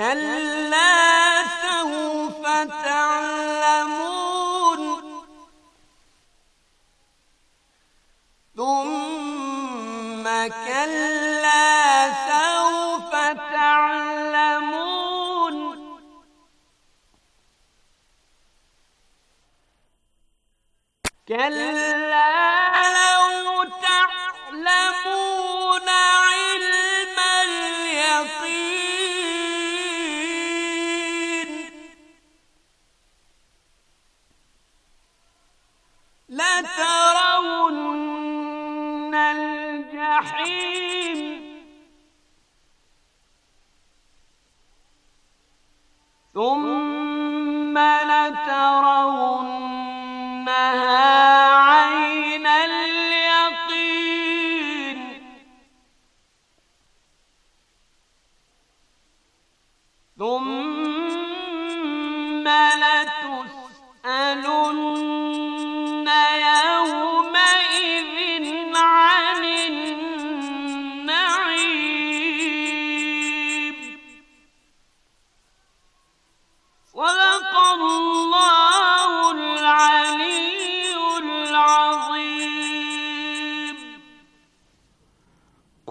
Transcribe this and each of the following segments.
كلا سوف تعلمون ثم كلا سوف تعلمون كلا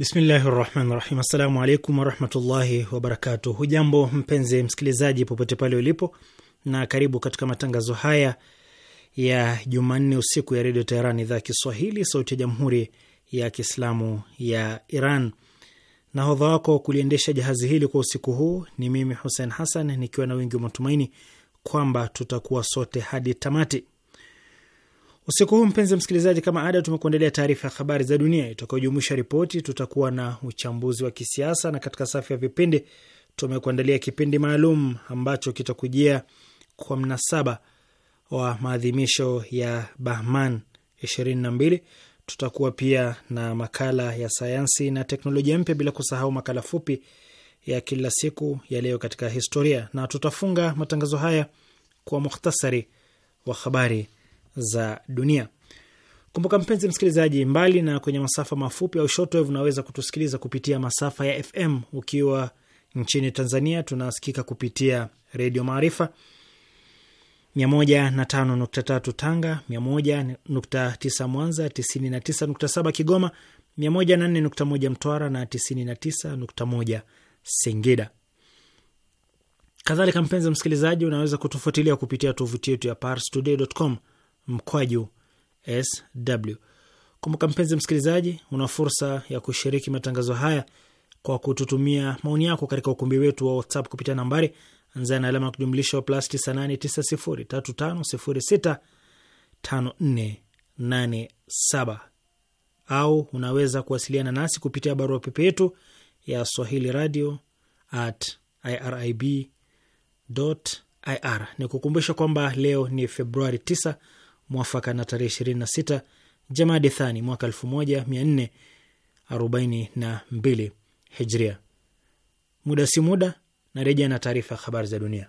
Bismillahi rahmani rahim. Assalamu alaikum warahmatullahi wabarakatuh. Hujambo mpenzi msikilizaji, popote pale ulipo, na karibu katika matangazo haya ya Jumanne usiku ya redio Teheran, idhaa ya Kiswahili, sauti ya jamhuri ya kiislamu ya Iran. Nahodha wako kuliendesha jahazi hili kwa usiku huu ni mimi Hussein Hassan, nikiwa na wingi wa matumaini kwamba tutakuwa sote hadi tamati. Usiku huu mpenzi msikilizaji, kama ada, tumekuandalia taarifa ya habari za dunia itakayojumuisha ripoti. Tutakuwa na uchambuzi wa kisiasa, na katika safu ya vipindi tumekuandalia kipindi maalum ambacho kitakujia kwa mnasaba wa maadhimisho ya Bahman 22. Tutakuwa pia na makala ya sayansi na teknolojia mpya, bila kusahau makala fupi ya kila siku ya leo katika historia, na tutafunga matangazo haya kwa muhtasari wa habari za dunia. Kumbuka mpenzi msikilizaji, mbali na kwenye masafa mafupi au shortwave, unaweza kutusikiliza kupitia masafa ya FM. Ukiwa nchini Tanzania, tunasikika kupitia Redio Maarifa 105.3 Tanga, 101.9 Mwanza, 99.7 Kigoma, 104.1 Mtwara na 99.1 Singida. Kadhalika mpenzi msikilizaji, unaweza kutufuatilia kupitia tovuti yetu ya parstoday.com mkwaju sw. Kumbuka mpenzi msikilizaji, una fursa ya kushiriki matangazo haya kwa kututumia maoni yako katika ukumbi wetu wa WhatsApp kupitia nambari anza na alama ya kujumlisha plus 989035065487 au unaweza kuwasiliana nasi kupitia barua pepe yetu ya swahili radio at irib ir. Ni kukumbusha kwamba leo ni Februari 9 mwafaka na tarehe ishirini na sita Jamadi Thani mwaka elfu moja mia nne arobaini na mbili Hijria. Muda si muda na na taarifa ya habari za dunia.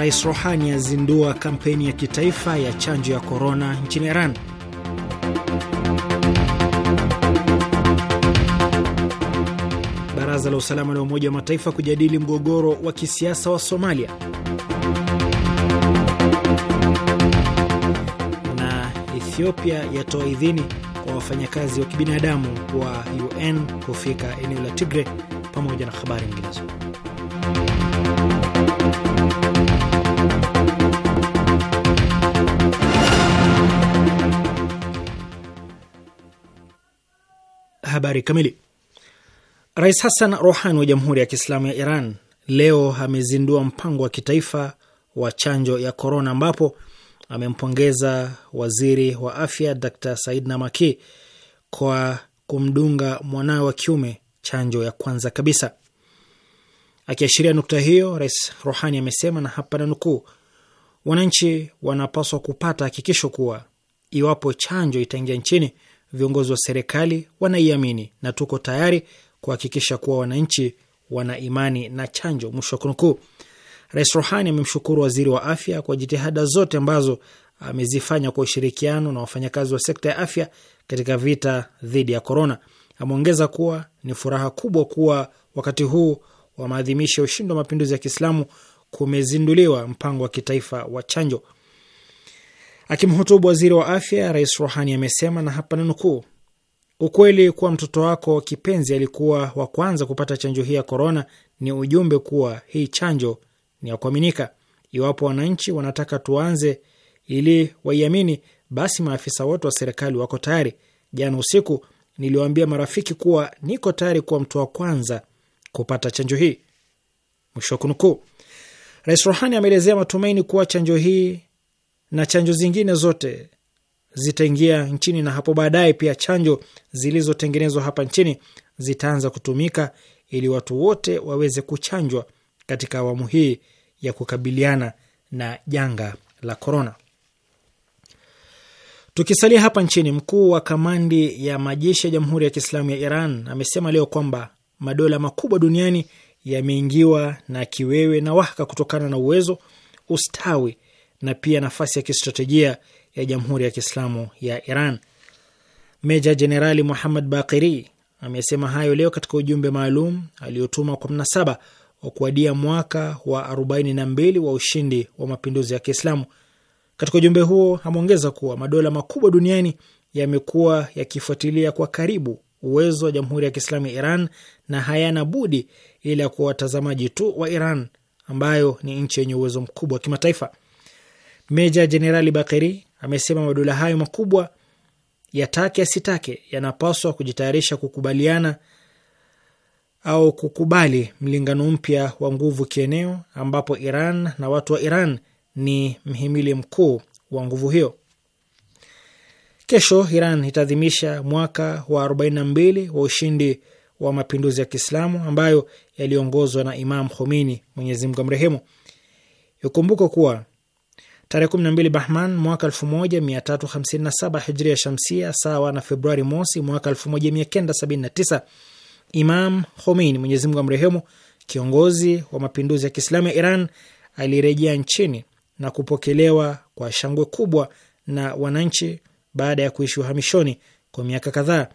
Rais Rohani azindua kampeni ya kitaifa ya chanjo ya korona nchini Iran. Baraza la usalama la Umoja wa Mataifa kujadili mgogoro wa kisiasa wa Somalia. Na Ethiopia yatoa idhini kwa wafanyakazi wa kibinadamu wa UN kufika eneo la Tigre, pamoja na habari nyinginezo. Habari kamili. Rais Hassan Rohani wa Jamhuri ya Kiislamu ya Iran leo amezindua mpango wa kitaifa wa chanjo ya korona, ambapo amempongeza waziri wa afya Dr Said Namaki kwa kumdunga mwanawe wa kiume chanjo ya kwanza kabisa. Akiashiria nukta hiyo, Rais Rohani amesema na hapa na nukuu, wananchi wanapaswa kupata hakikisho kuwa iwapo chanjo itaingia nchini viongozi wa serikali wanaiamini na tuko tayari kuhakikisha kuwa wananchi wana imani na chanjo, mwisho wa kunukuu. Rais Rohani amemshukuru waziri wa afya kwa jitihada zote ambazo amezifanya kwa ushirikiano na wafanyakazi wa sekta ya afya katika vita dhidi ya korona. Ameongeza kuwa ni furaha kubwa kuwa wakati huu wa maadhimisho ya ushindi wa mapinduzi ya Kiislamu kumezinduliwa mpango wa kitaifa wa chanjo. Akimhutubu waziri wa afya, Rais Rohani amesema na hapa nanukuu, ukweli kuwa mtoto wako kipenzi alikuwa wa kwanza kupata chanjo hii ya korona ni ujumbe kuwa hii chanjo ni ya kuaminika. Iwapo wananchi wanataka tuanze ili waiamini, basi maafisa wote wa serikali wako tayari. Jana usiku niliwaambia marafiki kuwa niko tayari kuwa mtu wa kwanza kupata chanjo hii, mwisho wa kunukuu. Rais Rohani ameelezea matumaini kuwa chanjo hii na chanjo zingine zote zitaingia nchini na hapo baadaye pia chanjo zilizotengenezwa hapa nchini zitaanza kutumika ili watu wote waweze kuchanjwa katika awamu hii ya kukabiliana na janga la korona. Tukisalia hapa nchini, mkuu wa kamandi ya majeshi ya Jamhuri ya Kiislamu ya Iran amesema leo kwamba madola makubwa duniani yameingiwa na kiwewe na wahaka kutokana na uwezo, ustawi na pia nafasi ya kistratejia ya Jamhuri ya Kiislamu ya Iran. Meja Jenerali Muhammad Bakiri amesema hayo leo katika ujumbe maalum aliotuma kwa mnasaba wa kuadia mwaka wa 42 wa ushindi wa mapinduzi ya Kiislamu. Katika ujumbe huo ameongeza kuwa madola makubwa duniani yamekuwa yakifuatilia kwa karibu uwezo wa Jamhuri ya Kiislamu ya Iran na hayana budi ila kuwa watazamaji tu wa Iran ambayo ni nchi yenye uwezo mkubwa wa kimataifa. Meja Jenerali Bakeri amesema madola hayo makubwa yatake yasitake yanapaswa kujitayarisha kukubaliana au kukubali mlingano mpya wa nguvu kieneo, ambapo Iran na watu wa Iran ni mhimili mkuu wa nguvu hiyo. Kesho Iran itaadhimisha mwaka wa 42 wa ushindi wa mapinduzi ya Kiislamu ambayo yaliongozwa na Imam Khomeini, Mwenyezi Mungu amrehemu. Ikumbuko kuwa Tarehe 12 Bahman mwaka 1357 hijria shamsia, sawa na Februari mosi mwaka 1979, Imam Khomeini, Mwenyezi Mungu amrehemu, kiongozi wa mapinduzi ya Kiislamu ya Iran, alirejea nchini na kupokelewa kwa shangwe kubwa na wananchi baada ya kuishi uhamishoni kwa miaka kadhaa.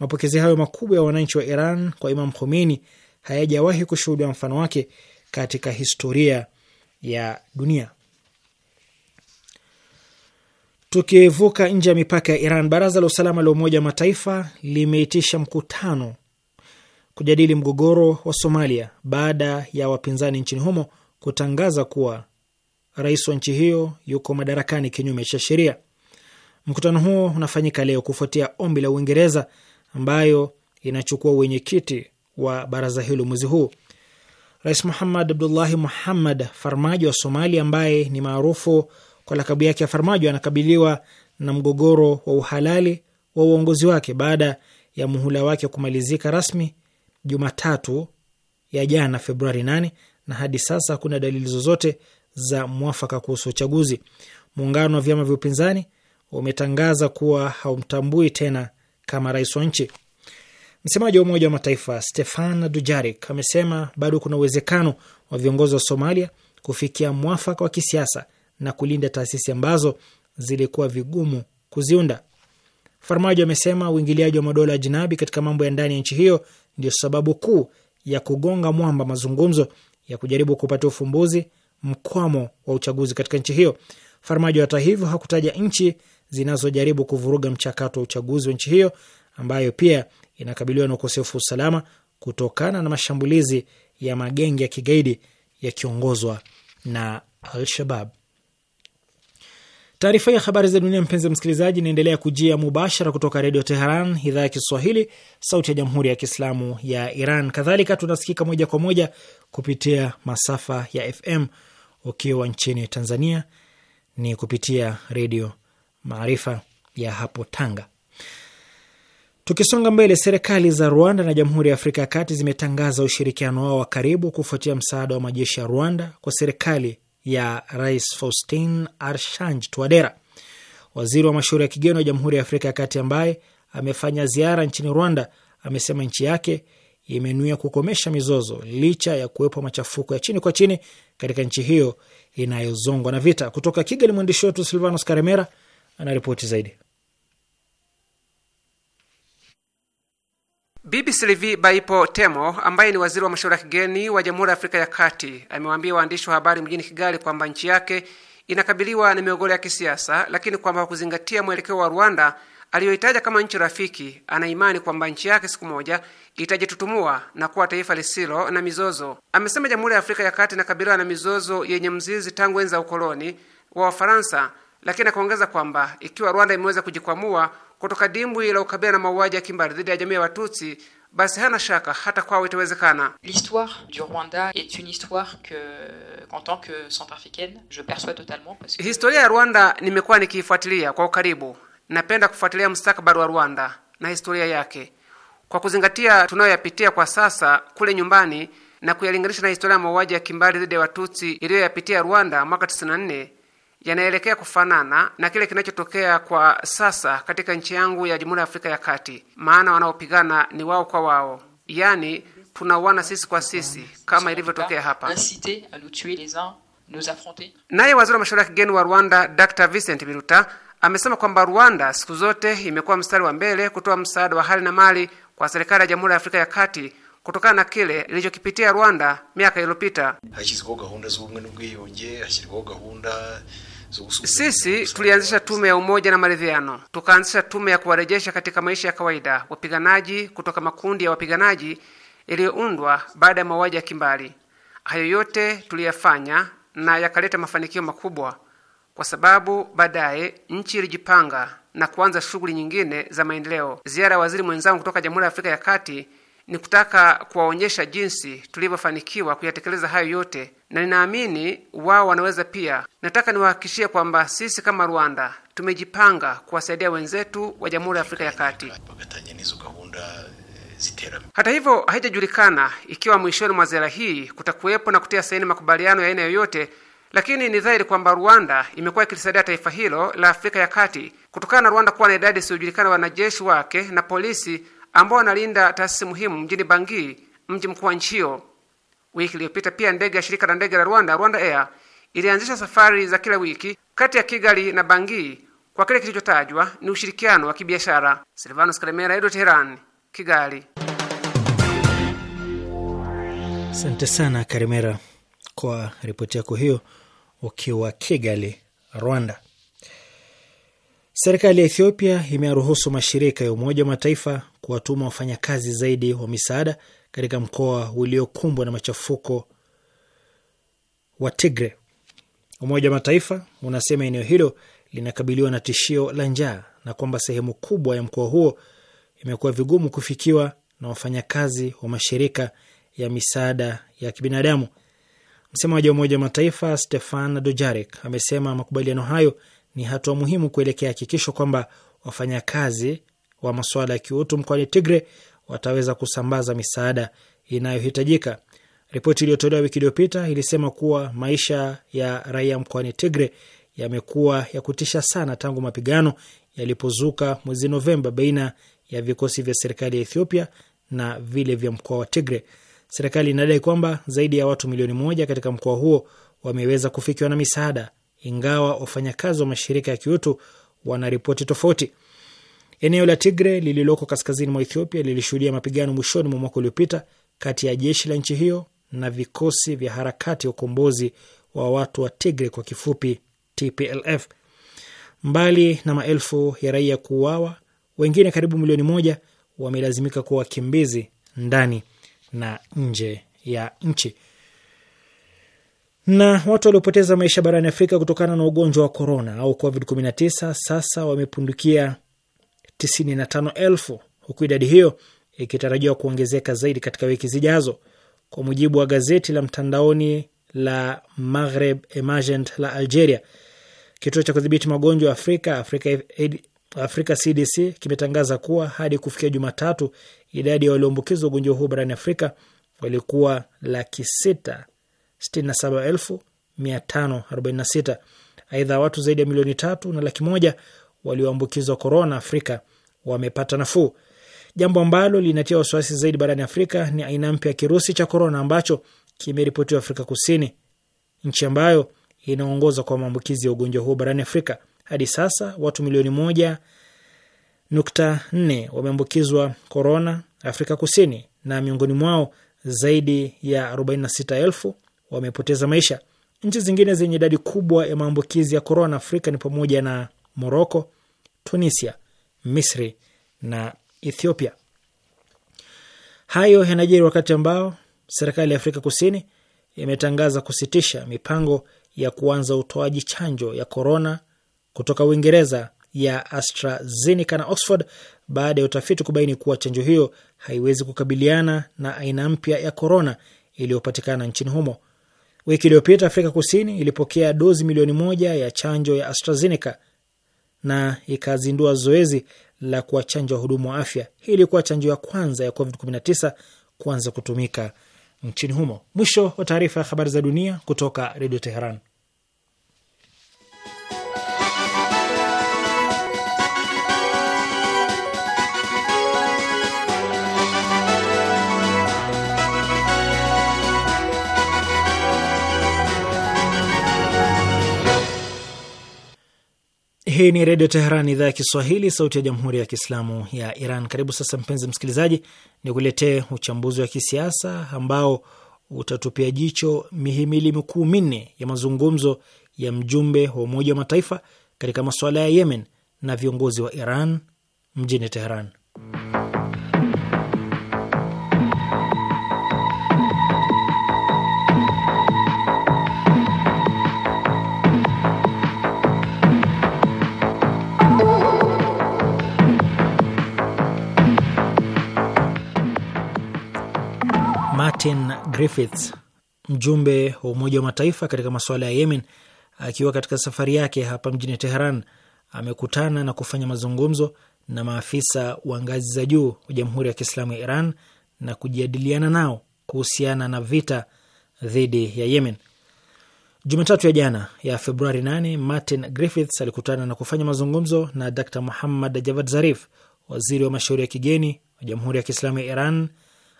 Mapokezi hayo makubwa ya wananchi wa Iran kwa Imam Khomeini hayajawahi kushuhudiwa mfano wake katika historia ya dunia. Tukivuka nje ya mipaka ya Iran, baraza la usalama la Umoja wa Mataifa limeitisha mkutano kujadili mgogoro wa Somalia baada ya wapinzani nchini humo kutangaza kuwa rais wa nchi hiyo yuko madarakani kinyume cha sheria. Mkutano huo unafanyika leo kufuatia ombi la Uingereza ambayo inachukua wenyekiti wa baraza hilo mwezi huu. Rais Muhammad Abdullahi Muhammad farmaji wa Somalia ambaye ni maarufu kwa lakabu yake ya Farmajo, anakabiliwa na mgogoro wa uhalali wa uongozi wake baada ya muhula wake kumalizika rasmi Jumatatu ya jana Februari 8, na hadi sasa hakuna dalili zozote za mwafaka kuhusu uchaguzi. Muungano wa vyama vya upinzani umetangaza kuwa haumtambui tena kama rais wa nchi. Msemaji wa Umoja wa Mataifa Stefan Dujarik amesema bado kuna uwezekano wa viongozi wa Somalia kufikia mwafaka wa kisiasa na kulinda taasisi ambazo zilikuwa vigumu kuziunda. Farmajo amesema uingiliaji wa madola ya jinabi katika mambo ya ndani ya nchi hiyo ndio sababu kuu ya kugonga mwamba mazungumzo ya kujaribu kupata ufumbuzi mkwamo wa uchaguzi katika nchi hiyo. Farmajo hata hivyo hakutaja nchi zinazojaribu kuvuruga mchakato wa uchaguzi wa nchi hiyo ambayo pia inakabiliwa na ukosefu wa usalama kutokana na mashambulizi ya magenge ya kigaidi yakiongozwa na Al-Shabab. Taarifa ya habari za dunia, mpenzi msikilizaji, inaendelea kujia mubashara kutoka Redio Teheran, idhaa ya Kiswahili, sauti ya jamhuri ya kiislamu ya Iran. Kadhalika tunasikika moja kwa moja kupitia masafa ya FM. Ukiwa nchini Tanzania ni kupitia Redio Maarifa ya hapo Tanga. Tukisonga mbele, serikali za Rwanda na Jamhuri ya Afrika ya Kati zimetangaza ushirikiano wao wa karibu kufuatia msaada wa majeshi ya Rwanda kwa serikali ya Rais Faustin Archange Touadera, waziri wa mashauri ya kigeni wa Jamhuri ya Afrika ya Kati ambaye amefanya ziara nchini Rwanda. Amesema nchi yake imenuia kukomesha mizozo licha ya kuwepo machafuko ya chini kwa chini katika nchi hiyo inayozongwa na vita. Kutoka Kigali, mwandishi wetu Silvanos Karemera anaripoti zaidi. Bibi Sylvie Baipo Temo ambaye ni waziri wa mashauri ya kigeni wa Jamhuri ya Afrika ya Kati amewaambia waandishi wa habari mjini Kigali kwamba nchi yake inakabiliwa na migogoro ya kisiasa, lakini kwamba kwa kuzingatia mwelekeo wa Rwanda aliyoitaja kama nchi rafiki, ana imani kwamba nchi yake siku moja itajitutumua na kuwa taifa lisilo na mizozo. Amesema Jamhuri ya Afrika ya Kati inakabiliwa na mizozo yenye mzizi tangu enzi za ukoloni wa Wafaransa, lakini akaongeza kwamba ikiwa Rwanda imeweza kujikwamua kutoka dimbwi la ukabila na mauaji ya kimbari dhidi ya jamii ya Watutsi, basi hana shaka hata kwao itawezekana. L'histoire du Rwanda est une histoire que en tant que centrafricaine je perçois totalement parce que historia ya Rwanda nimekuwa nikiifuatilia kwa ukaribu. Napenda kufuatilia mustakabali wa Rwanda na historia yake kwa kuzingatia tunayoyapitia kwa sasa kule nyumbani na kuyalinganisha na historia ya mauaji ya kimbari dhidi ya Watutsi iliyoyapitia Rwanda mwaka 94 yanaelekea kufanana na kile kinachotokea kwa sasa katika nchi yangu ya jamhuri ya Afrika ya Kati, maana wanaopigana ni wao kwa wao, yaani tunauana sisi kwa sisi kama ilivyotokea hapa. Naye waziri wa mashauri ya kigeni wa Rwanda Dr. Vincent Biruta amesema kwamba Rwanda siku zote imekuwa mstari wa mbele kutoa msaada wa hali na mali kwa serikali ya Jamhuri ya Afrika ya Kati kutokana na kile ilichokipitia Rwanda miaka iliyopita. Sisi tulianzisha tume ya umoja na maridhiano, tukaanzisha tume ya kuwarejesha katika maisha ya kawaida wapiganaji kutoka makundi ya wapiganaji yaliyoundwa baada ya mauaji ya kimbali. Hayo yote tuliyafanya na yakaleta mafanikio makubwa, kwa sababu baadaye nchi ilijipanga na kuanza shughuli nyingine za maendeleo. Ziara ya waziri mwenzangu kutoka Jamhuri ya Afrika ya Kati ni kutaka kuwaonyesha jinsi tulivyofanikiwa kuyatekeleza hayo yote na ninaamini wao wanaweza pia. Nataka niwahakikishie kwamba sisi kama Rwanda tumejipanga kuwasaidia wenzetu wa Jamhuri ya Afrika ya Kati. Hata hivyo, haijajulikana ikiwa mwishoni mwa ziara hii kutakuwepo na kutia saini makubaliano ya aina yoyote, lakini ni dhahiri kwamba Rwanda imekuwa ikilisaidia taifa hilo la Afrika ya Kati kutokana na Rwanda kuwa na idadi isiyojulikana wanajeshi wake na polisi ambao wanalinda taasisi muhimu mjini Bangui, mji mkuu wa nchi hiyo. Wiki iliyopita pia ndege ya shirika la ndege la Rwanda, Rwanda Air, ilianzisha safari za kila wiki kati ya Kigali na Bangui kwa kile kilichotajwa ni ushirikiano wa kibiashara. Silvanos Karemera, Edo Teheran, Kigali. Asante sana karimera kwa ripoti yako hiyo ukiwa Kigali, Rwanda. Serikali ya Ethiopia imearuhusu mashirika ya Umoja wa Mataifa kuwatuma wafanyakazi zaidi wa misaada katika mkoa uliokumbwa na machafuko wa Tigre. Umoja wa Mataifa unasema eneo hilo linakabiliwa na tishio la njaa na kwamba sehemu kubwa ya mkoa huo imekuwa vigumu kufikiwa na wafanyakazi wa mashirika ya misaada ya kibinadamu. Msemaji wa Umoja wa Mataifa Stefan Dujarric amesema makubaliano hayo ni hatua muhimu kuelekea hakikisho kwamba wafanyakazi wa masuala ya kiutu mkoani Tigre wataweza kusambaza misaada inayohitajika. Ripoti iliyotolewa wiki iliyopita ilisema kuwa maisha ya raia mkoani Tigre yamekuwa ya kutisha sana tangu mapigano yalipozuka mwezi Novemba baina ya vikosi vya serikali ya Ethiopia na vile vya mkoa wa Tigre. Serikali inadai kwamba zaidi ya watu milioni moja katika mkoa huo wameweza kufikiwa na misaada, ingawa wafanyakazi wa mashirika ya kiutu wanaripoti tofauti. Eneo la Tigre lililoko kaskazini mwa Ethiopia lilishuhudia mapigano mwishoni mwa mwaka uliopita kati ya jeshi la nchi hiyo na vikosi vya harakati ya ukombozi wa watu wa Tigre kwa kifupi TPLF. Mbali na maelfu ya raia kuuawa, wengine karibu milioni moja wamelazimika kuwa wakimbizi ndani na nje ya nchi. Na watu waliopoteza maisha barani Afrika kutokana na ugonjwa wa korona au COVID-19 sasa wamepundukia 95,000 huku idadi hiyo ikitarajiwa kuongezeka zaidi katika wiki zijazo. Kwa mujibu wa gazeti la mtandaoni la Maghreb Emergent la Algeria, kituo cha kudhibiti magonjwa Afrika, Afrika, Afrika CDC kimetangaza kuwa hadi kufikia Jumatatu idadi ya walioambukizwa ugonjwa huu barani Afrika walikuwa laki sita sitini na saba elfu mia tano arobaini na sita. Aidha, watu zaidi ya milioni tatu na laki moja walioambukizwa korona Afrika wamepata nafuu. Jambo ambalo linatia wasiwasi zaidi barani Afrika ni aina mpya ya kirusi cha korona ambacho kimeripotiwa Afrika Kusini, nchi ambayo inaongoza kwa maambukizi ya ugonjwa huo barani Afrika. Hadi sasa watu milioni moja nukta nne wameambukizwa korona Afrika Kusini, na miongoni mwao zaidi ya arobaini na sita elfu wamepoteza maisha. Nchi zingine zenye idadi kubwa ya maambukizi ya korona Afrika ni pamoja na Moroko, Tunisia, Misri na Ethiopia. Hayo yanajiri wakati ambao serikali ya Afrika Kusini imetangaza kusitisha mipango ya kuanza utoaji chanjo ya korona kutoka Uingereza ya AstraZeneca na Oxford baada ya utafiti kubaini kuwa chanjo hiyo haiwezi kukabiliana na aina mpya ya korona iliyopatikana nchini humo. Wiki iliyopita Afrika Kusini ilipokea dozi milioni moja ya chanjo ya AstraZeneca na ikazindua zoezi la kuwachanja wahudumu wa afya. Hii ilikuwa chanjo ya kwanza ya COVID-19 kuanza kutumika nchini humo. Mwisho wa taarifa ya habari za dunia kutoka Redio Teheran. Hii ni Redio Teheran, idhaa ya Kiswahili, sauti ya Jamhuri ya Kiislamu ya Iran. Karibu sasa, mpenzi msikilizaji, ni kuletee uchambuzi wa kisiasa ambao utatupia jicho mihimili mikuu minne ya mazungumzo ya mjumbe wa Umoja wa Mataifa katika masuala ya Yemen na viongozi wa Iran mjini Teheran. Martin Griffiths, mjumbe wa Umoja wa Mataifa katika masuala ya Yemen, akiwa katika safari yake hapa mjini Teheran, amekutana na kufanya mazungumzo na maafisa wa ngazi za juu wa Jamhuri ya Kiislamu ya Iran na kujadiliana nao kuhusiana na vita dhidi ya Yemen. Jumatatu ya jana ya Februari 8 Martin Griffiths alikutana na kufanya mazungumzo na Dr Muhammad Javad Zarif, waziri wa mashauri ya kigeni wa Jamhuri ya Kiislamu ya Iran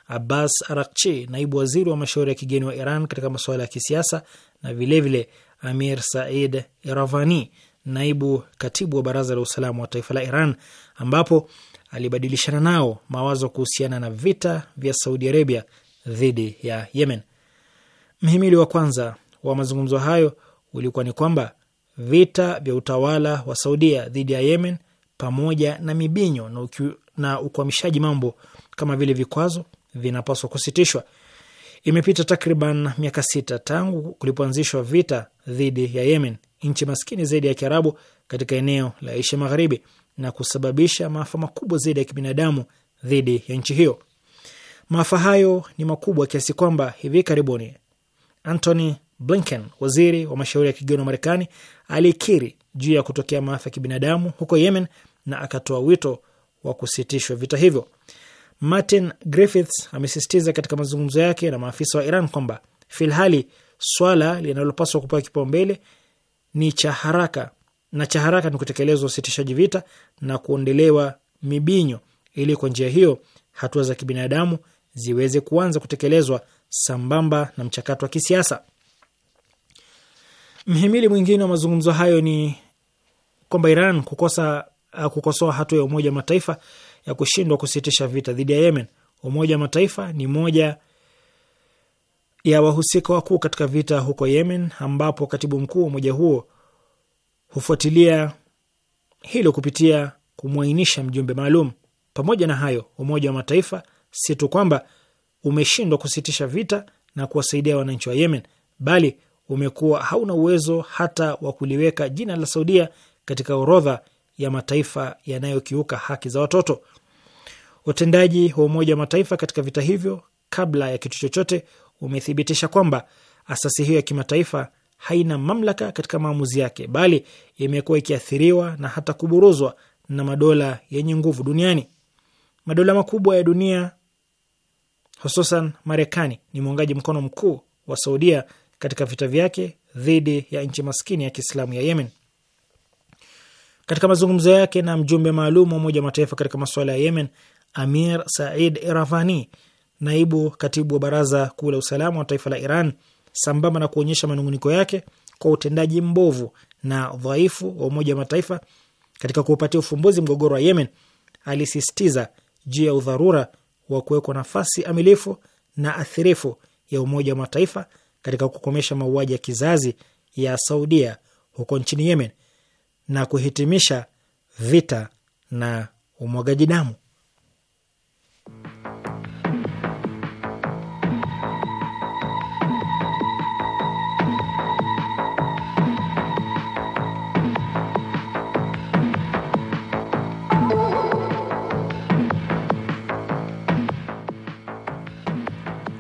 Abbas Arakchi, naibu waziri wa mashauri ya kigeni wa Iran katika masuala ya kisiasa, na vilevile vile Amir Said Iravani, naibu katibu wa baraza la usalama wa taifa la Iran, ambapo alibadilishana nao mawazo kuhusiana na vita vya Saudi Arabia dhidi ya Yemen. Mhimili wa kwanza wa mazungumzo hayo ulikuwa ni kwamba vita vya utawala wa Saudia dhidi ya Yemen pamoja na mibinyo na ukwamishaji mambo kama vile vikwazo, vinapaswa kusitishwa. Imepita takriban miaka sita tangu kulipoanzishwa vita dhidi ya Yemen, nchi maskini zaidi ya Kiarabu katika eneo la Asia Magharibi, na kusababisha maafa makubwa zaidi ya kibinadamu dhidi ya nchi hiyo. Maafa hayo ni makubwa kiasi kwamba hivi karibuni Antony Blinken, waziri wa mashauri ya kigeni wa Marekani, alikiri juu ya kutokea maafa ya kibinadamu huko Yemen na akatoa wito wa kusitishwa vita hivyo. Martin Griffiths amesisitiza katika mazungumzo yake na maafisa wa Iran kwamba filhali swala linalopaswa kupewa kipaumbele ni cha haraka na cha haraka ni kutekelezwa usitishaji vita na kuondolewa mibinyo, ili kwa njia hiyo hatua za kibinadamu ziweze kuanza kutekelezwa sambamba na mchakato wa kisiasa. Mhimili mwingine wa mazungumzo hayo ni kwamba Iran kukosa kukosoa hatua ya Umoja wa Mataifa ya kushindwa kusitisha vita dhidi ya Yemen. Umoja wa Mataifa ni moja ya wahusika wakuu katika vita huko Yemen, ambapo katibu mkuu wa umoja huo hufuatilia hilo kupitia kumwainisha mjumbe maalum. Pamoja na hayo, Umoja wa Mataifa si tu kwamba umeshindwa kusitisha vita na kuwasaidia wananchi wa Yemen, bali umekuwa hauna uwezo hata wa kuliweka jina la Saudia katika orodha ya mataifa yanayokiuka haki za watoto. Utendaji wa Umoja wa Mataifa katika vita hivyo, kabla ya kitu chochote, umethibitisha kwamba asasi hiyo ya kimataifa haina mamlaka katika maamuzi yake, bali imekuwa ikiathiriwa na hata kuburuzwa na madola yenye nguvu duniani. Madola makubwa ya dunia hususan Marekani ni mwungaji mkono mkuu wa Saudia katika vita vyake dhidi ya nchi maskini ya Kiislamu ya Yemen. Katika mazungumzo yake na mjumbe maalum wa Umoja wa Mataifa katika masuala ya Yemen, Amir Said Iravani, naibu katibu wa baraza kuu la usalama wa taifa la Iran, sambamba na kuonyesha manunguniko yake kwa utendaji mbovu na dhaifu wa Umoja wa Mataifa katika kuupatia ufumbuzi mgogoro wa Yemen, alisisitiza juu ya udharura wa kuwekwa nafasi amilifu na athirifu ya Umoja wa Mataifa katika kukomesha mauaji ya kizazi ya Saudia huko nchini Yemen na kuhitimisha vita na umwagaji damu.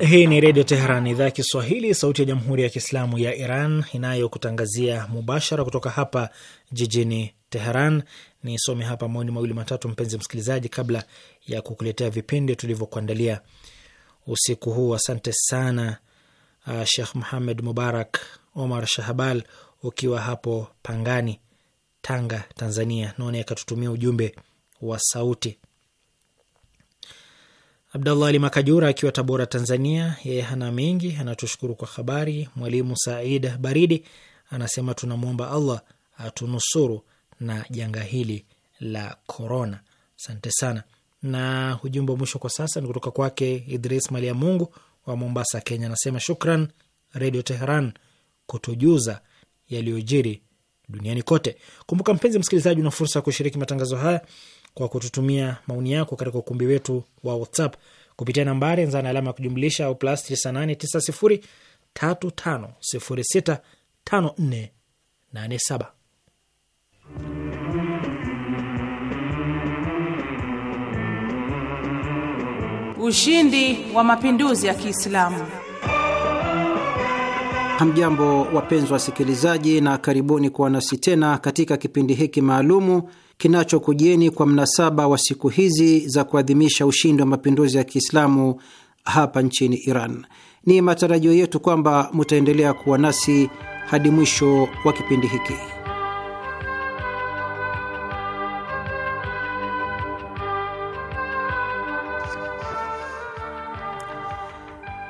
Hii ni Redio Teheran, idhaa ya Kiswahili, sauti ya Jamhuri ya Kiislamu ya Iran, inayokutangazia mubashara kutoka hapa jijini Teheran. Nisome hapa maoni mawili matatu, mpenzi msikilizaji, kabla ya kukuletea vipindi tulivyokuandalia usiku huu. Asante sana uh, Shekh Muhamed Mubarak Omar shahbal ukiwa hapo Pangani, Tanga, Tanzania. Naona akatutumia ujumbe wa sauti Abdallah Ali Makajura akiwa Tabora, Tanzania, yeye hana mengi, anatushukuru kwa habari. Mwalimu Said Baridi anasema tunamwomba Allah atunusuru na janga hili la korona. Asante sana. Na ujumbe wa mwisho kwa sasa ni kutoka kwake Idris Malia Mungu wa Mombasa, Kenya, anasema shukran Redio Teheran kutujuza yaliyojiri duniani kote. Kumbuka mpenzi msikilizaji, una fursa ya kushiriki matangazo haya kwa kututumia maoni yako katika ukumbi wetu wa WhatsApp kupitia nambari anza na alama ya kujumlisha au plus 989035065487. Ushindi wa mapinduzi ya Kiislamu. Hamjambo wapenzi wasikilizaji, na karibuni kuwa nasi tena katika kipindi hiki maalumu kinachokujieni kwa mnasaba wa siku hizi za kuadhimisha ushindi wa mapinduzi ya Kiislamu hapa nchini Iran. Ni matarajio yetu kwamba mutaendelea kuwa nasi hadi mwisho wa kipindi hiki.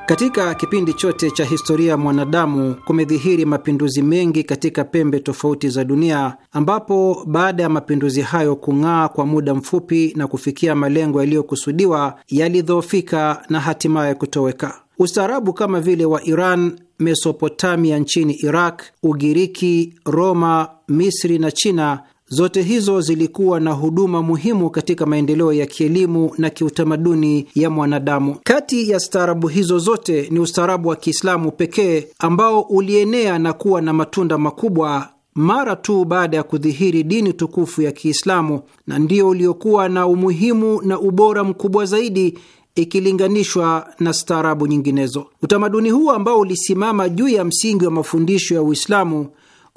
Katika kipindi chote cha historia ya mwanadamu kumedhihiri mapinduzi mengi katika pembe tofauti za dunia, ambapo baada ya mapinduzi hayo kung'aa kwa muda mfupi na kufikia malengo yaliyokusudiwa, yalidhoofika na hatimaye kutoweka. Ustaarabu kama vile wa Iran, Mesopotamia nchini Iraq, Ugiriki, Roma, Misri na China Zote hizo zilikuwa na huduma muhimu katika maendeleo ya kielimu na kiutamaduni ya mwanadamu. Kati ya staarabu hizo zote ni ustaarabu wa Kiislamu pekee ambao ulienea na kuwa na matunda makubwa mara tu baada ya kudhihiri dini tukufu ya Kiislamu, na ndio uliokuwa na umuhimu na ubora mkubwa zaidi ikilinganishwa na staarabu nyinginezo. Utamaduni huu ambao ulisimama juu ya msingi wa mafundisho ya Uislamu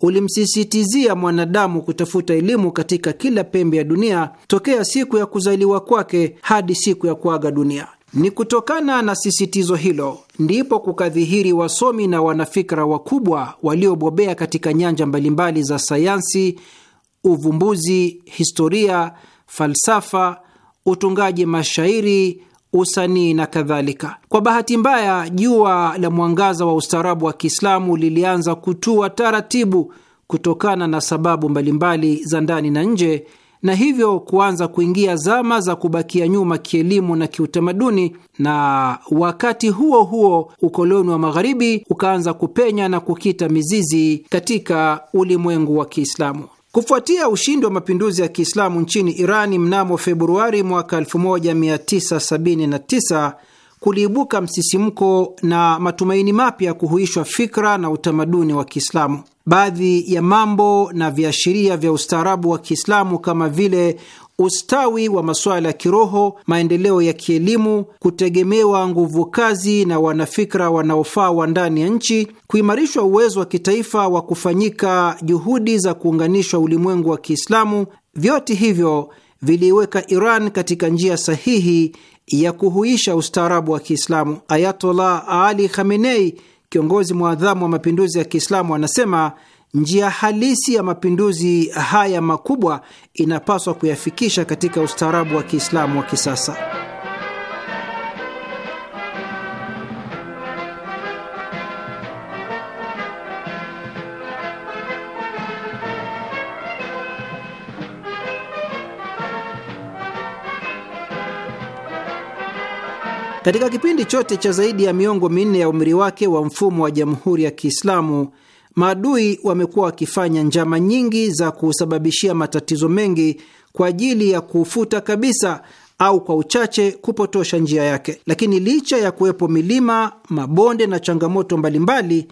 ulimsisitizia mwanadamu kutafuta elimu katika kila pembe ya dunia tokea siku ya kuzaliwa kwake hadi siku ya kuaga dunia. Ni kutokana na sisitizo hilo ndipo kukadhihiri wasomi na wanafikra wakubwa waliobobea katika nyanja mbalimbali za sayansi, uvumbuzi, historia, falsafa, utungaji mashairi, usanii na kadhalika. Kwa bahati mbaya, jua la mwangaza wa ustaarabu wa Kiislamu lilianza kutua taratibu kutokana na sababu mbalimbali za ndani na nje na hivyo kuanza kuingia zama za kubakia nyuma kielimu na kiutamaduni. Na wakati huo huo, ukoloni wa Magharibi ukaanza kupenya na kukita mizizi katika ulimwengu wa Kiislamu. Kufuatia ushindi wa mapinduzi ya Kiislamu nchini Irani mnamo Februari mwaka 1979 kuliibuka msisimko na matumaini mapya kuhuishwa fikra na utamaduni wa Kiislamu baadhi ya mambo na viashiria vya ustaarabu wa Kiislamu kama vile ustawi wa masuala ya kiroho, maendeleo ya kielimu, kutegemewa nguvu kazi na wanafikra wanaofaa wa ndani ya nchi, kuimarishwa uwezo wa kitaifa wa kufanyika juhudi za kuunganishwa ulimwengu wa Kiislamu, vyote hivyo viliiweka Iran katika njia sahihi ya kuhuisha ustaarabu wa Kiislamu. Ayatollah Ali Khamenei kiongozi mwadhamu wa mapinduzi ya Kiislamu anasema njia halisi ya mapinduzi haya makubwa inapaswa kuyafikisha katika ustaarabu wa Kiislamu wa kisasa. Katika kipindi chote cha zaidi ya miongo minne ya umri wake wa mfumo wa Jamhuri ya Kiislamu, maadui wamekuwa wakifanya njama nyingi za kusababishia matatizo mengi kwa ajili ya kufuta kabisa au kwa uchache kupotosha njia yake. Lakini licha ya kuwepo milima, mabonde na changamoto mbalimbali,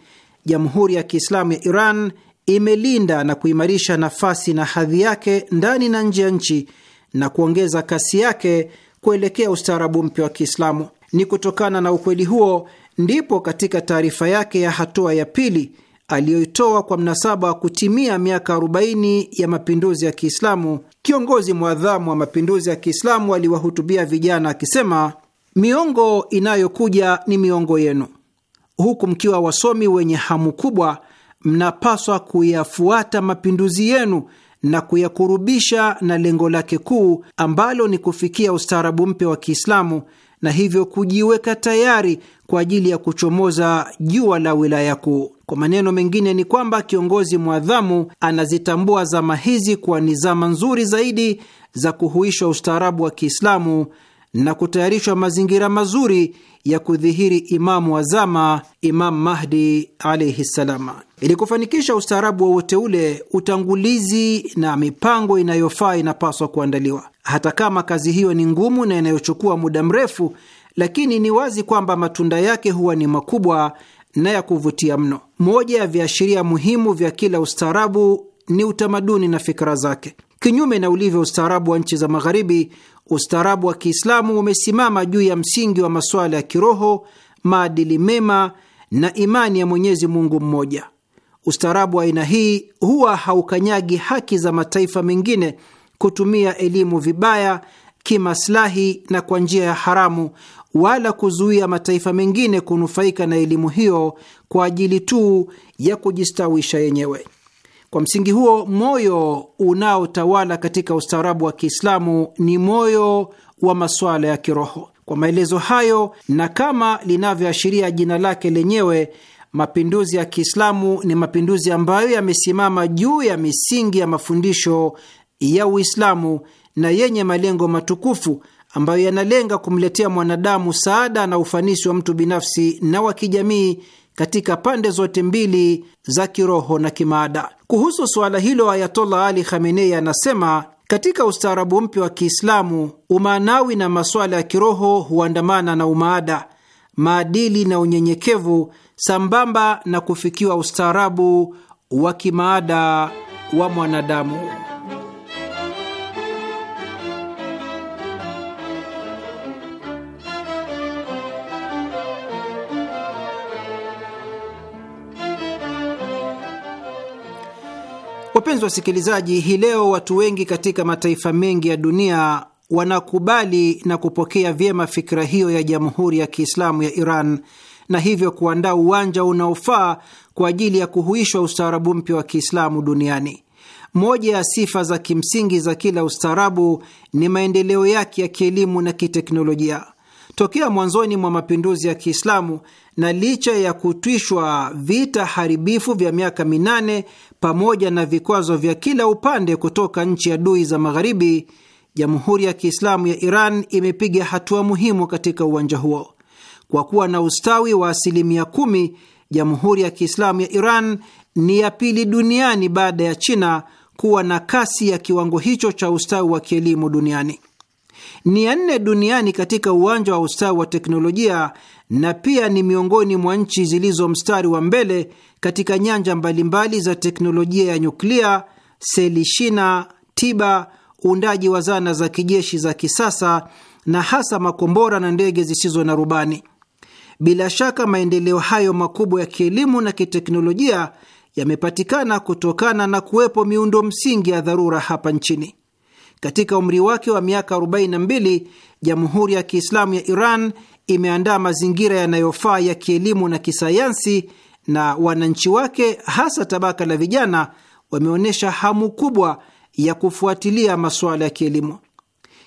Jamhuri ya Kiislamu ya Iran imelinda na kuimarisha nafasi na hadhi yake ndani na nje ya nchi na kuongeza kasi yake kuelekea ustaarabu mpya wa Kiislamu. Ni kutokana na ukweli huo ndipo katika taarifa yake ya hatua ya pili aliyoitoa kwa mnasaba wa kutimia miaka 40 ya mapinduzi ya Kiislamu, kiongozi mwadhamu wa mapinduzi ya Kiislamu aliwahutubia vijana akisema, miongo inayokuja ni miongo yenu, huku mkiwa wasomi wenye hamu kubwa, mnapaswa kuyafuata mapinduzi yenu na kuyakurubisha na lengo lake kuu ambalo ni kufikia ustaarabu mpya wa Kiislamu na hivyo kujiweka tayari kwa ajili ya kuchomoza jua la wilaya kuu. Kwa maneno mengine, ni kwamba kiongozi mwadhamu anazitambua zama hizi kuwa ni zama nzuri zaidi za kuhuisha ustaarabu wa Kiislamu na kutayarishwa mazingira mazuri ya kudhihiri imamu wa zama, Imamu Mahdi alaihi ssalama. Ili kufanikisha ustaarabu wowote ule, utangulizi na mipango inayofaa inapaswa kuandaliwa, hata kama kazi hiyo ni ngumu na inayochukua muda mrefu, lakini ni wazi kwamba matunda yake huwa ni makubwa na ya kuvutia mno. Moja ya viashiria muhimu vya kila ustaarabu ni utamaduni na fikra zake. Kinyume na ulivyo ustaarabu wa nchi za Magharibi, Ustaarabu wa Kiislamu umesimama juu ya msingi wa masuala ya kiroho, maadili mema na imani ya Mwenyezi Mungu mmoja. Ustaarabu wa aina hii huwa haukanyagi haki za mataifa mengine kutumia elimu vibaya kimaslahi na kwa njia ya haramu, wala kuzuia mataifa mengine kunufaika na elimu hiyo kwa ajili tu ya kujistawisha yenyewe. Kwa msingi huo, moyo unaotawala katika ustaarabu wa Kiislamu ni moyo wa masuala ya kiroho. Kwa maelezo hayo na kama linavyoashiria jina lake lenyewe, mapinduzi ya Kiislamu ni mapinduzi ambayo yamesimama juu ya misingi ya mafundisho ya Uislamu na yenye malengo matukufu ambayo yanalenga kumletea mwanadamu saada na ufanisi wa mtu binafsi na wa kijamii katika pande zote mbili za kiroho na kimaada. Kuhusu suala hilo, Ayatollah Ali Khamenei anasema katika ustaarabu mpya wa Kiislamu, umaanawi na masuala ya kiroho huandamana na umaada, maadili na unyenyekevu, sambamba na kufikiwa ustaarabu wa kimaada wa mwanadamu. Wapenzi wasikilizaji, hii leo watu wengi katika mataifa mengi ya dunia wanakubali na kupokea vyema fikira hiyo ya Jamhuri ya Kiislamu ya Iran na hivyo kuandaa uwanja unaofaa kwa ajili ya kuhuishwa ustaarabu mpya wa Kiislamu duniani. Moja ya sifa za kimsingi za kila ustaarabu ni maendeleo yake ya kielimu na kiteknolojia. Tokea mwanzoni mwa mapinduzi ya Kiislamu na licha ya kutwishwa vita haribifu vya miaka minane pamoja na vikwazo vya kila upande kutoka nchi adui za Magharibi, Jamhuri ya Kiislamu ya Iran imepiga hatua muhimu katika uwanja huo. Kwa kuwa na ustawi wa asilimia kumi, Jamhuri ya Kiislamu ya Iran ni ya pili duniani baada ya China kuwa na kasi ya kiwango hicho cha ustawi wa kielimu duniani. Ni ya nne duniani katika uwanja wa ustawi wa teknolojia na pia ni miongoni mwa nchi zilizo mstari wa mbele katika nyanja mbalimbali za teknolojia ya nyuklia, seli shina, tiba, uundaji wa zana za kijeshi za kisasa na hasa makombora na ndege zisizo na rubani. Bila shaka maendeleo hayo makubwa ya kielimu na kiteknolojia yamepatikana kutokana na kuwepo miundo msingi ya dharura hapa nchini. Katika umri wake wa miaka 42, Jamhuri ya Kiislamu ya Iran imeandaa mazingira yanayofaa ya kielimu na kisayansi na wananchi wake, hasa tabaka la vijana, wameonyesha hamu kubwa ya kufuatilia masuala ya kielimu.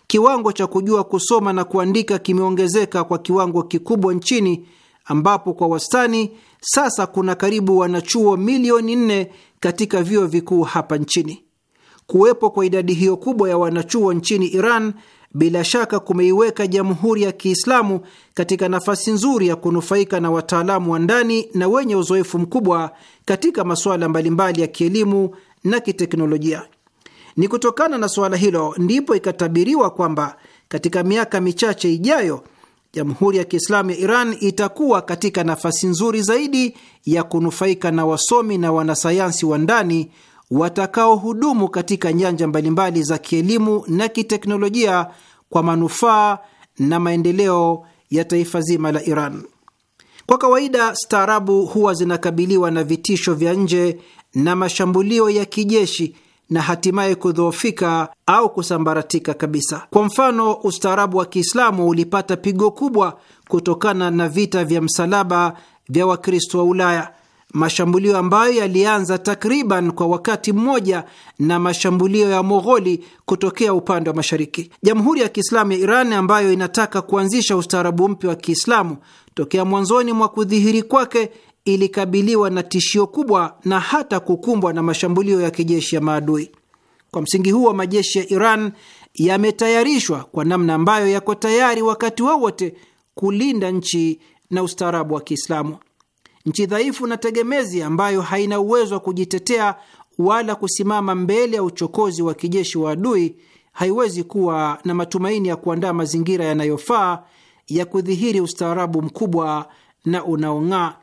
Kiwango cha kujua kusoma na kuandika kimeongezeka kwa kiwango kikubwa nchini ambapo kwa wastani sasa kuna karibu wanachuo milioni nne katika vyuo vikuu hapa nchini. Kuwepo kwa idadi hiyo kubwa ya wanachuo nchini Iran bila shaka kumeiweka Jamhuri ya Kiislamu katika nafasi nzuri ya kunufaika na wataalamu wa ndani na wenye uzoefu mkubwa katika masuala mbalimbali ya kielimu na kiteknolojia. Ni kutokana na suala hilo ndipo ikatabiriwa kwamba katika miaka michache ijayo Jamhuri ya Kiislamu ya Iran itakuwa katika nafasi nzuri zaidi ya kunufaika na wasomi na wanasayansi wa ndani watakaohudumu katika nyanja mbalimbali za kielimu na kiteknolojia kwa manufaa na maendeleo ya taifa zima la Iran. Kwa kawaida, staarabu huwa zinakabiliwa na vitisho vya nje na mashambulio ya kijeshi na hatimaye kudhoofika au kusambaratika kabisa. Kwa mfano, ustaarabu wa Kiislamu ulipata pigo kubwa kutokana na vita vya msalaba vya Wakristo wa Ulaya mashambulio ambayo yalianza takriban kwa wakati mmoja na mashambulio ya Mogholi kutokea upande wa mashariki. Jamhuri ya Kiislamu ya Iran ambayo inataka kuanzisha ustaarabu mpya wa Kiislamu tokea mwanzoni mwa kudhihiri kwake ilikabiliwa na tishio kubwa na hata kukumbwa na mashambulio ya kijeshi ya maadui. Kwa msingi huo, majeshi ya Iran yametayarishwa kwa namna ambayo yako tayari wakati wowote kulinda nchi na ustaarabu wa Kiislamu nchi dhaifu na tegemezi ambayo haina uwezo wa kujitetea wala kusimama mbele ya uchokozi wa kijeshi wa adui haiwezi kuwa na matumaini ya kuandaa mazingira yanayofaa ya kudhihiri ustaarabu mkubwa na unaong'aa.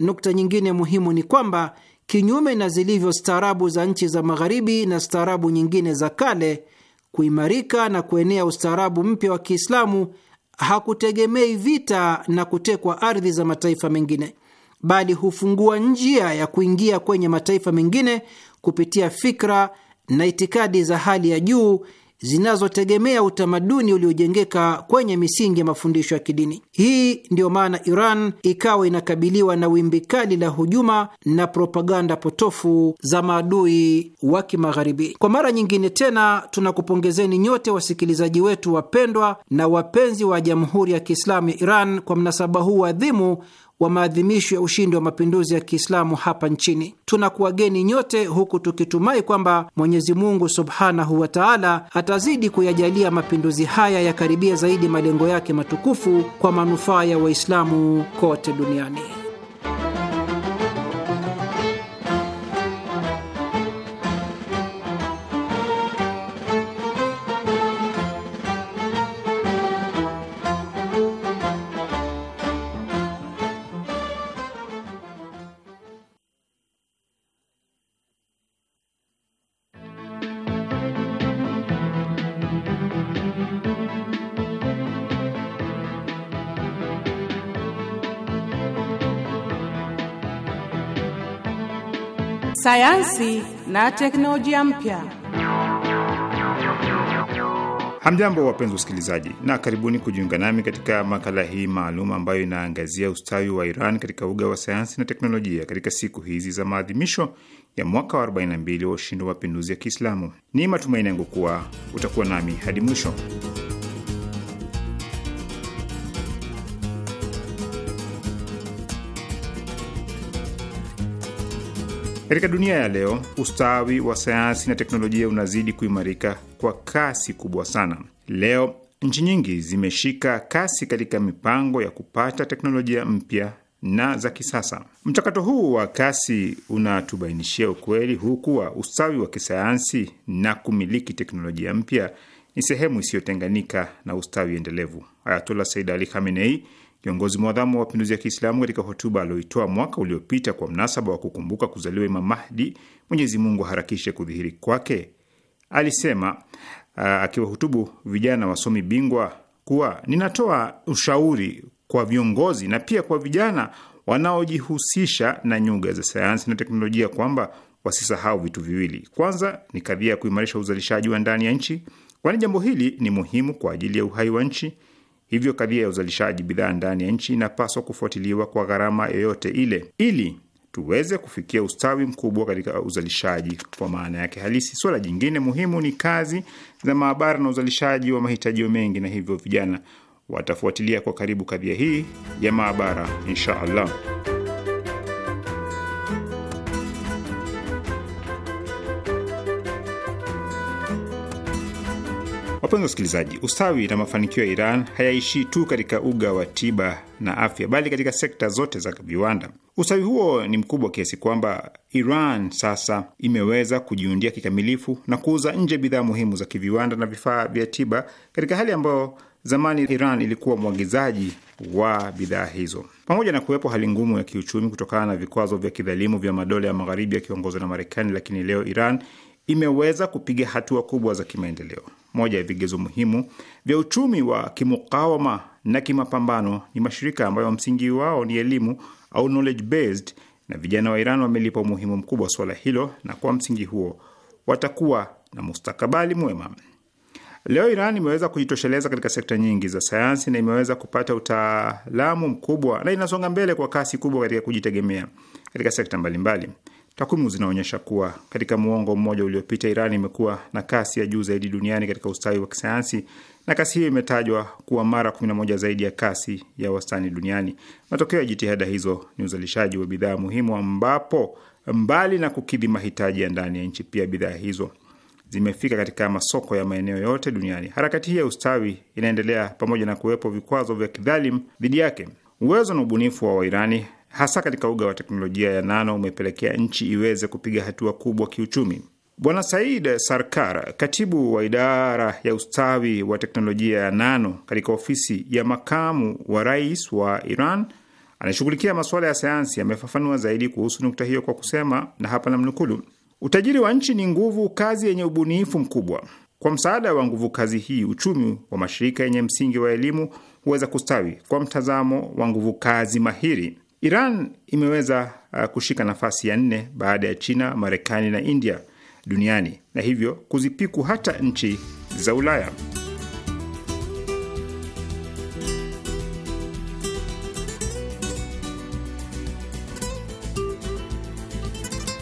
Nukta nyingine muhimu ni kwamba kinyume na zilivyo staarabu za nchi za Magharibi na staarabu nyingine za kale, kuimarika na kuenea ustaarabu mpya wa Kiislamu hakutegemei vita na kutekwa ardhi za mataifa mengine bali hufungua njia ya kuingia kwenye mataifa mengine kupitia fikra na itikadi za hali ya juu zinazotegemea utamaduni uliojengeka kwenye misingi ya mafundisho ya kidini. Hii ndiyo maana Iran ikawa inakabiliwa na wimbi kali la hujuma na propaganda potofu za maadui wa Kimagharibi. Kwa mara nyingine tena, tunakupongezeni nyote wasikilizaji wetu wapendwa na wapenzi wa Jamhuri ya Kiislamu ya Iran kwa mnasaba huu adhimu wa maadhimisho ya ushindi wa mapinduzi ya Kiislamu hapa nchini. Tunakuwageni nyote huku tukitumai kwamba Mwenyezi Mungu subhanahu wa taala atazidi kuyajalia mapinduzi haya yakaribia zaidi malengo yake matukufu kwa manufaa ya Waislamu kote duniani. sayansi na teknolojia mpya. Hamjambo, wapenzi wasikilizaji, na karibuni kujiunga nami katika makala hii maalum ambayo inaangazia ustawi wa Iran katika uga wa sayansi na teknolojia katika siku hizi za maadhimisho ya mwaka wa 42 wa ushindi wa mapinduzi ya Kiislamu. Ni matumaini yangu kuwa utakuwa nami hadi mwisho. Katika dunia ya leo, ustawi wa sayansi na teknolojia unazidi kuimarika kwa kasi kubwa sana. Leo nchi nyingi zimeshika kasi katika mipango ya kupata teknolojia mpya na za kisasa. Mchakato huu wa kasi unatubainishia ukweli huu kuwa ustawi wa kisayansi na kumiliki teknolojia mpya ni sehemu isiyotenganika na ustawi endelevu. Ayatollah Said Ali Khamenei Kiongozi mwadhamu wa mapinduzi ya Kiislamu katika hotuba alioitoa mwaka uliopita kwa mnasaba wa kukumbuka kuzaliwa Imam Mahdi, Mwenyezi Mungu aharakishe kudhihiri kwake, alisema ah, akiwahutubu vijana wasomi bingwa kuwa ninatoa ushauri kwa viongozi na pia kwa vijana wanaojihusisha na nyuga za sayansi na teknolojia kwamba wasisahau vitu viwili. Kwanza ni kadhia ya kuimarisha uzalishaji wa ndani ya nchi, kwani jambo hili ni muhimu kwa ajili ya uhai wa nchi Hivyo kadhia ya uzalishaji bidhaa ndani ya nchi inapaswa kufuatiliwa kwa gharama yoyote ile, ili tuweze kufikia ustawi mkubwa katika uzalishaji kwa maana yake halisi. Suala jingine muhimu ni kazi za maabara na uzalishaji wa mahitajio mengi, na hivyo vijana watafuatilia kwa karibu kadhia hii ya maabara, insha Allah. Wapenzi wasikilizaji, ustawi na mafanikio ya Iran hayaishii tu katika uga wa tiba na afya, bali katika sekta zote za viwanda. Ustawi huo ni mkubwa kiasi kwamba Iran sasa imeweza kujiundia kikamilifu na kuuza nje bidhaa muhimu za kiviwanda na vifaa vya tiba katika hali ambayo zamani Iran ilikuwa mwagizaji wa bidhaa hizo. Pamoja na kuwepo hali ngumu ya kiuchumi kutokana na vikwazo vya kidhalimu vya madola ya magharibi yakiongozwa na Marekani, lakini leo Iran imeweza kupiga hatua kubwa za kimaendeleo. Moja ya vigezo muhimu vya uchumi wa kimukawama na kimapambano ni mashirika ambayo msingi wao ni elimu au knowledge based, na vijana wa Iran wamelipa umuhimu mkubwa swala hilo, na kwa msingi huo watakuwa na mustakabali mwema. Leo Iran imeweza kujitosheleza katika sekta nyingi za sayansi na imeweza kupata utaalamu mkubwa na inasonga mbele kwa kasi kubwa katika kujitegemea katika sekta mbalimbali mbali. Takwimu zinaonyesha kuwa katika muongo mmoja uliopita, Iran imekuwa na kasi ya juu zaidi duniani katika ustawi wa kisayansi, na kasi hiyo imetajwa kuwa mara 11 zaidi ya kasi ya wastani duniani. Matokeo ya jitihada hizo ni uzalishaji wa bidhaa muhimu, ambapo mbali na kukidhi mahitaji ya ndani ya nchi, pia bidhaa hizo zimefika katika masoko ya maeneo yote duniani. Harakati hii ya ustawi inaendelea pamoja na kuwepo vikwazo vya kidhalimu dhidi yake. Uwezo na ubunifu wa Wairani hasa katika uga wa teknolojia ya nano umepelekea nchi iweze kupiga hatua kubwa kiuchumi. Bwana Said Sarkar, katibu wa idara ya ustawi wa teknolojia ya nano katika ofisi ya makamu wa rais wa Iran anayeshughulikia masuala ya sayansi, amefafanua zaidi kuhusu nukta hiyo kwa kusema, na hapa namnukulu: utajiri wa nchi ni nguvu kazi yenye ubunifu mkubwa. Kwa msaada wa nguvu kazi hii, uchumi wa mashirika yenye msingi wa elimu huweza kustawi. Kwa mtazamo wa nguvu kazi mahiri Iran imeweza uh, kushika nafasi ya nne baada ya China, Marekani na India duniani na hivyo kuzipiku hata nchi za Ulaya.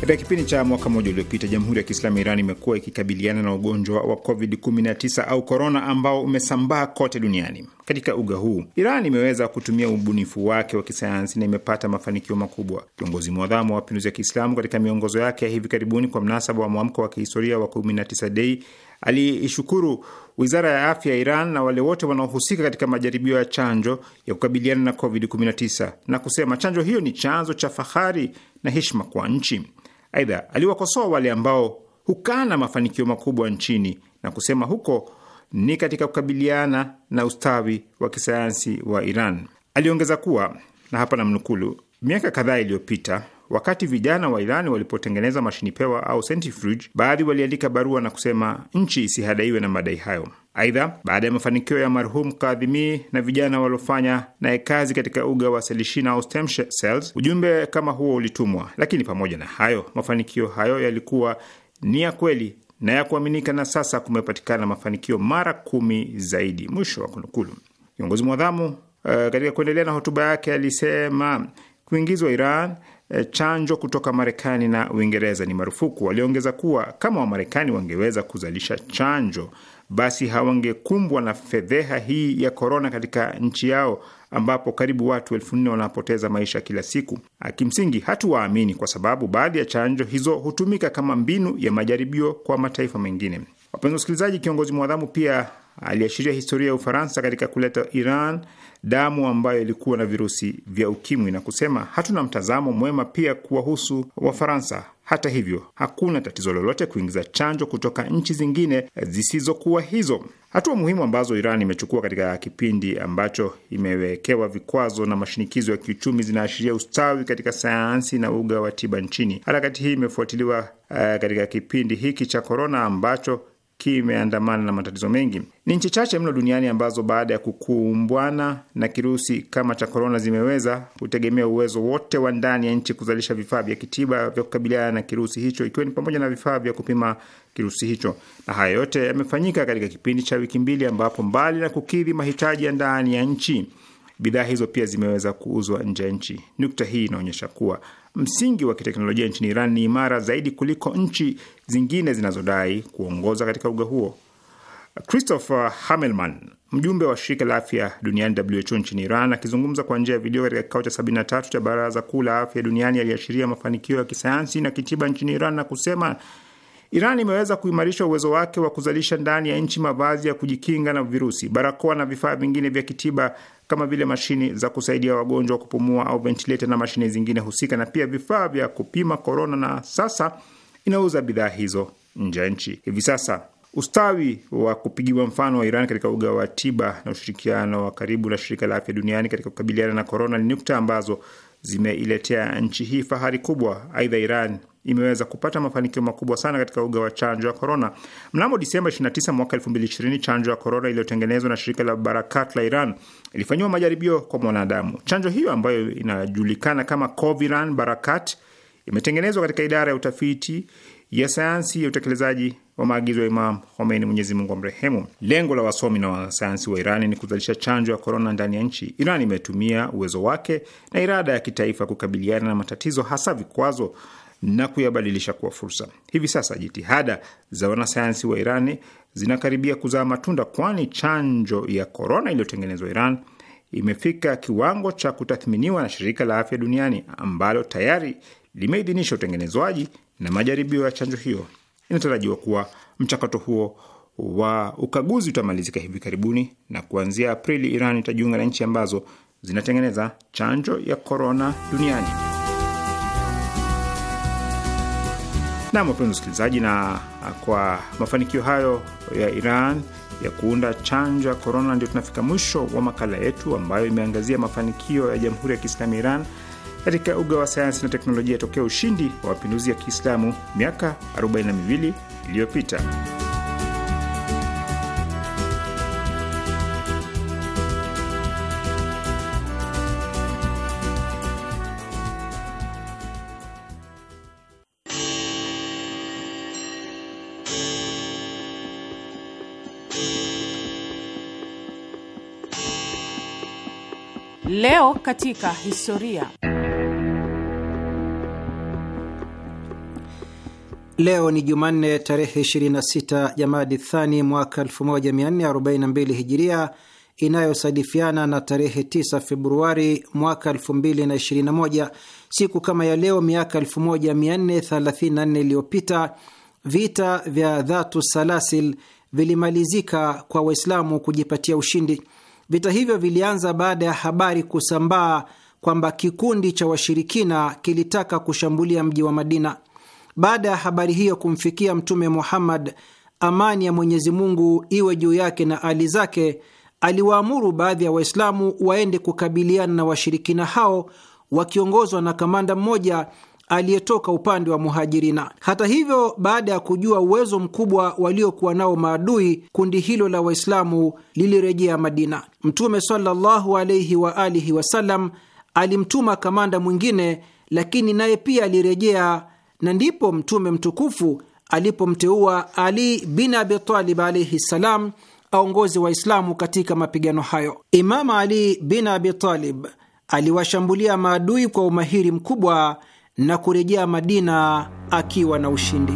Katika kipindi cha mwaka mmoja uliopita, Jamhuri ya Kiislamu ya Iran imekuwa ikikabiliana na ugonjwa wa COVID-19 au korona ambao umesambaa kote duniani. Katika uga huu, Iran imeweza kutumia ubunifu wake wa kisayansi na imepata mafanikio makubwa. Kiongozi mwadhamu wa mapinduzi ya Kiislamu katika miongozo yake ya hivi karibuni kwa mnasaba wa mwamko wa kihistoria wa 19 Dei aliishukuru wizara ya afya ya Iran na wale wote wanaohusika katika majaribio ya chanjo ya kukabiliana na COVID-19 na kusema chanjo hiyo ni chanzo cha fahari na heshima kwa nchi. Aidha, aliwakosoa wale ambao hukana mafanikio makubwa nchini na kusema huko ni katika kukabiliana na ustawi wa kisayansi wa Iran. Aliongeza kuwa na hapa namnukulu, miaka kadhaa iliyopita wakati vijana wa Iran walipotengeneza mashini pewa au centrifuge, baadhi waliandika barua na kusema nchi isihadaiwe na madai hayo. Aidha, baada ya mafanikio ya marhum Kadhimi na vijana waliofanya naye kazi katika uga wa selishina au stem cells, ujumbe kama huo ulitumwa. Lakini pamoja na hayo, mafanikio hayo yalikuwa ni ya kweli na ya kuaminika, na sasa kumepatikana mafanikio mara kumi zaidi. Mwisho wa kunukulu. Kiongozi mwadhamu uh, katika kuendelea na hotuba yake alisema kuingizwa Iran eh, chanjo kutoka Marekani na Uingereza ni marufuku. Waliongeza kuwa kama Wamarekani wangeweza kuzalisha chanjo basi hawangekumbwa na fedheha hii ya korona katika nchi yao ambapo karibu watu elfu nne wanapoteza maisha kila siku. Kimsingi hatuwaamini kwa sababu baadhi ya chanjo hizo hutumika kama mbinu ya majaribio kwa mataifa mengine. Wapenzi wasikilizaji, kiongozi mwadhamu pia aliashiria historia ya Ufaransa katika kuleta Iran damu ambayo ilikuwa na virusi vya ukimwi na kusema hatuna mtazamo mwema pia kuwahusu Wafaransa. Hata hivyo, hakuna tatizo lolote kuingiza chanjo kutoka nchi zingine zisizokuwa hizo. Hatua muhimu ambazo Iran imechukua katika kipindi ambacho imewekewa vikwazo na mashinikizo ya kiuchumi zinaashiria ustawi katika sayansi na uga wa tiba nchini. Harakati hii imefuatiliwa uh, katika kipindi hiki cha korona ambacho kimeandamana na matatizo mengi. Ni nchi chache mno duniani ambazo baada ya kukumbwana na kirusi kama cha korona zimeweza kutegemea uwezo wote wa ndani ya nchi kuzalisha vifaa vya kitiba vya kukabiliana na kirusi hicho, ikiwa ni pamoja na vifaa vya kupima kirusi hicho. Na haya yote yamefanyika katika kipindi cha wiki mbili, ambapo mbali na kukidhi mahitaji ya ndani ya nchi, bidhaa hizo pia zimeweza kuuzwa nje ya nchi. Nukta hii inaonyesha kuwa msingi wa kiteknolojia nchini Iran ni imara zaidi kuliko nchi zingine zinazodai kuongoza katika uga huo. Christopher Hamelman, mjumbe wa shirika la afya duniani WHO nchini Iran, akizungumza kwa njia ya video katika kikao cha 73 cha baraza kuu la afya duniani, aliashiria mafanikio ya kisayansi na kitiba nchini Iran na kusema Iran imeweza kuimarisha uwezo wake wa kuzalisha ndani ya nchi mavazi ya kujikinga na virusi, barakoa na vifaa vingine vya kitiba kama vile mashini za kusaidia wagonjwa kupumua au ventileta na mashine zingine husika, na pia vifaa vya kupima korona, na sasa inauza bidhaa hizo nje ya nchi. Hivi sasa ustawi wa kupigiwa mfano wa Iran katika uga wa tiba na ushirikiano wa karibu na shirika la afya duniani katika kukabiliana na korona ni nukta ambazo zimeiletea nchi hii fahari kubwa. Aidha, Iran imeweza kupata mafanikio makubwa sana katika uga wa chanjo ya korona. Mnamo Disemba 29 mwaka 2020, chanjo ya korona iliyotengenezwa na shirika la Barakat la Iran ilifanyiwa majaribio kwa mwanadamu. Chanjo hiyo ambayo inajulikana kama Coviran Barakat imetengenezwa katika idara ya utafiti ya sayansi ya utekelezaji wa maagizo ya Imam Khomeini, Mwenyezi Mungu amrehemu. Lengo la wasomi na wasayansi wa Irani ni kuzalisha chanjo ya korona ndani ya nchi. Iran imetumia uwezo wake na irada ya kitaifa kukabiliana na matatizo, hasa vikwazo na kuyabadilisha kuwa fursa. Hivi sasa jitihada za wanasayansi wa Irani zinakaribia kuzaa matunda, kwani chanjo ya korona iliyotengenezwa Iran imefika kiwango cha kutathminiwa na shirika la afya duniani ambalo tayari limeidhinisha utengenezwaji na majaribio ya chanjo hiyo. Inatarajiwa kuwa mchakato huo wa ukaguzi utamalizika hivi karibuni, na kuanzia Aprili Iran itajiunga na nchi ambazo zinatengeneza chanjo ya korona duniani. Nam, wapenzi wasikilizaji, na kwa mafanikio hayo ya Iran ya kuunda chanjo ya korona, ndio tunafika mwisho wa makala yetu ambayo imeangazia mafanikio ya Jamhuri ya Kiislamu ya Iran katika uga wa sayansi na teknolojia tokea ushindi wa mapinduzi ya Kiislamu miaka 42 iliyopita. Leo katika historia. Leo ni Jumanne tarehe 26 Jamadi Thani mwaka 1442 Hijiria, inayosadifiana na tarehe 9 Februari mwaka 2021. Siku kama ya leo miaka 1434 iliyopita vita vya Dhatu Salasil vilimalizika kwa Waislamu kujipatia ushindi. Vita hivyo vilianza baada ya habari kusambaa kwamba kikundi cha washirikina kilitaka kushambulia mji wa Madina. Baada ya habari hiyo kumfikia Mtume Muhammad, amani ya Mwenyezi Mungu iwe juu yake na ali zake, aliwaamuru baadhi ya Waislamu waende kukabiliana na washirikina hao wakiongozwa na kamanda mmoja aliyetoka upande wa Muhajirina. Hata hivyo, baada ya kujua uwezo mkubwa waliokuwa nao maadui, kundi hilo la Waislamu lilirejea Madina. Mtume sallallahu alaihi wa alihi wasallam alimtuma kamanda mwingine, lakini naye pia alirejea, na ndipo Mtume mtukufu alipomteua Ali bin Abitalib alaihi ssalam aongozi Waislamu katika mapigano hayo. Imamu Ali bin Abitalib aliwashambulia maadui kwa umahiri mkubwa na kurejea Madina akiwa na ushindi.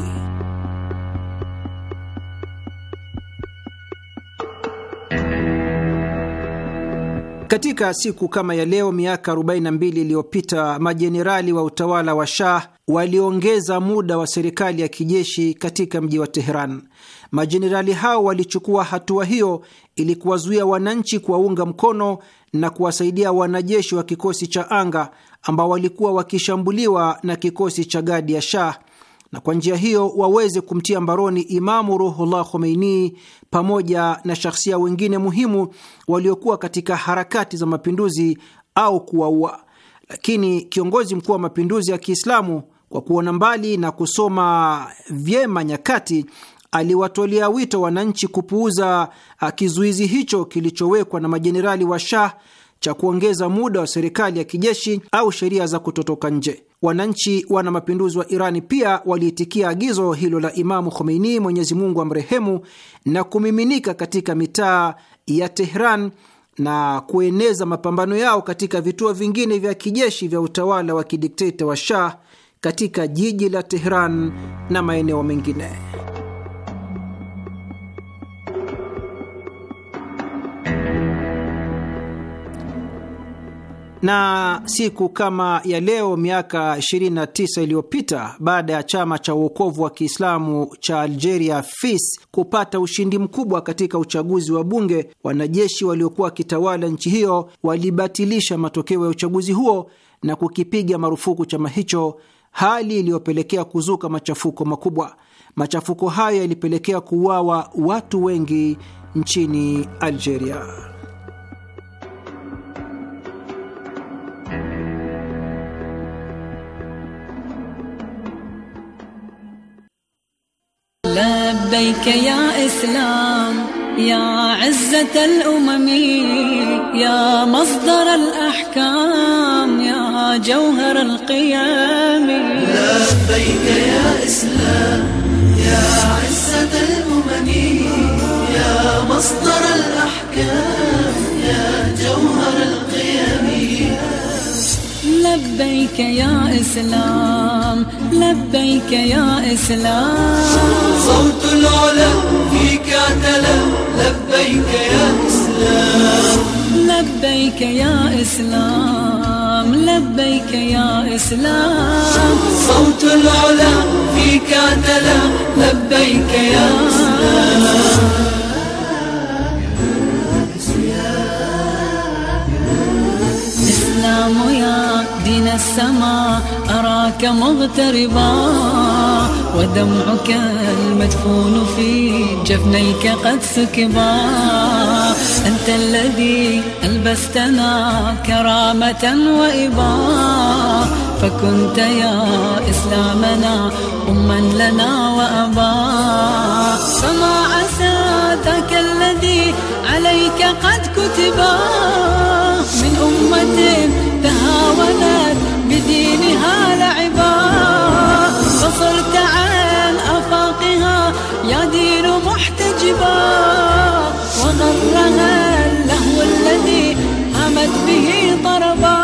Katika siku kama ya leo miaka 42 iliyopita majenerali wa utawala wa Shah waliongeza muda wa serikali ya kijeshi katika mji wa Teheran. Majenerali hao walichukua hatua hiyo ili kuwazuia wananchi kuwaunga mkono na kuwasaidia wanajeshi wa kikosi cha anga ambao walikuwa wakishambuliwa na kikosi cha gadi ya Shah na kwa njia hiyo waweze kumtia mbaroni Imamu Ruhullah Khomeini pamoja na shahsia wengine muhimu waliokuwa katika harakati za mapinduzi au kuwaua. Lakini kiongozi mkuu wa mapinduzi ya Kiislamu, kwa kuona mbali na kusoma vyema nyakati, aliwatolea wito wananchi kupuuza ah, kizuizi hicho kilichowekwa na majenerali wa Shah cha kuongeza muda wa serikali ya kijeshi au sheria za kutotoka nje. Wananchi wana mapinduzi wa Irani pia waliitikia agizo hilo la Imamu Khomeini, Mwenyezi Mungu amrehemu, na kumiminika katika mitaa ya Tehran na kueneza mapambano yao katika vituo vingine vya kijeshi vya utawala wa kidikteta wa Shah katika jiji la Tehran na maeneo mengine. na siku kama ya leo miaka 29 iliyopita baada ya chama cha uokovu wa Kiislamu cha Algeria FIS kupata ushindi mkubwa katika uchaguzi wa bunge, wanajeshi waliokuwa wakitawala nchi hiyo walibatilisha matokeo ya uchaguzi huo na kukipiga marufuku chama hicho, hali iliyopelekea kuzuka machafuko makubwa. Machafuko hayo yalipelekea kuuawa watu wengi nchini Algeria. لبيك يا إسلام يا عزة الأمم يا مصدر الأحكام يا جوهر القيام لبيك يا إسلام يا عزة الأمم يا مصدر الأحكام يا جوهر لبيك يا إسلام لبيك يا إسلام صوت العلا فيك اعتلى لبيك يا إسلام لبيك يا إسلام لبيك يا إسلام صوت العلا فيك اعتلى لبيك يا إسلام إسلام يا دين السماء أراك مغتربا ودمعك المدفون في جفنيك قد سكبا أنت الذي ألبستنا كرامة وإبا فكنت يا إسلامنا أما لنا وأبا فما عسى ذاك الذي عليك قد كتبا من أمة تهاونت بدينها لعبا فصلت عن أفاقها يا دين محتجبا وغرها اللهو الذي همت به طربا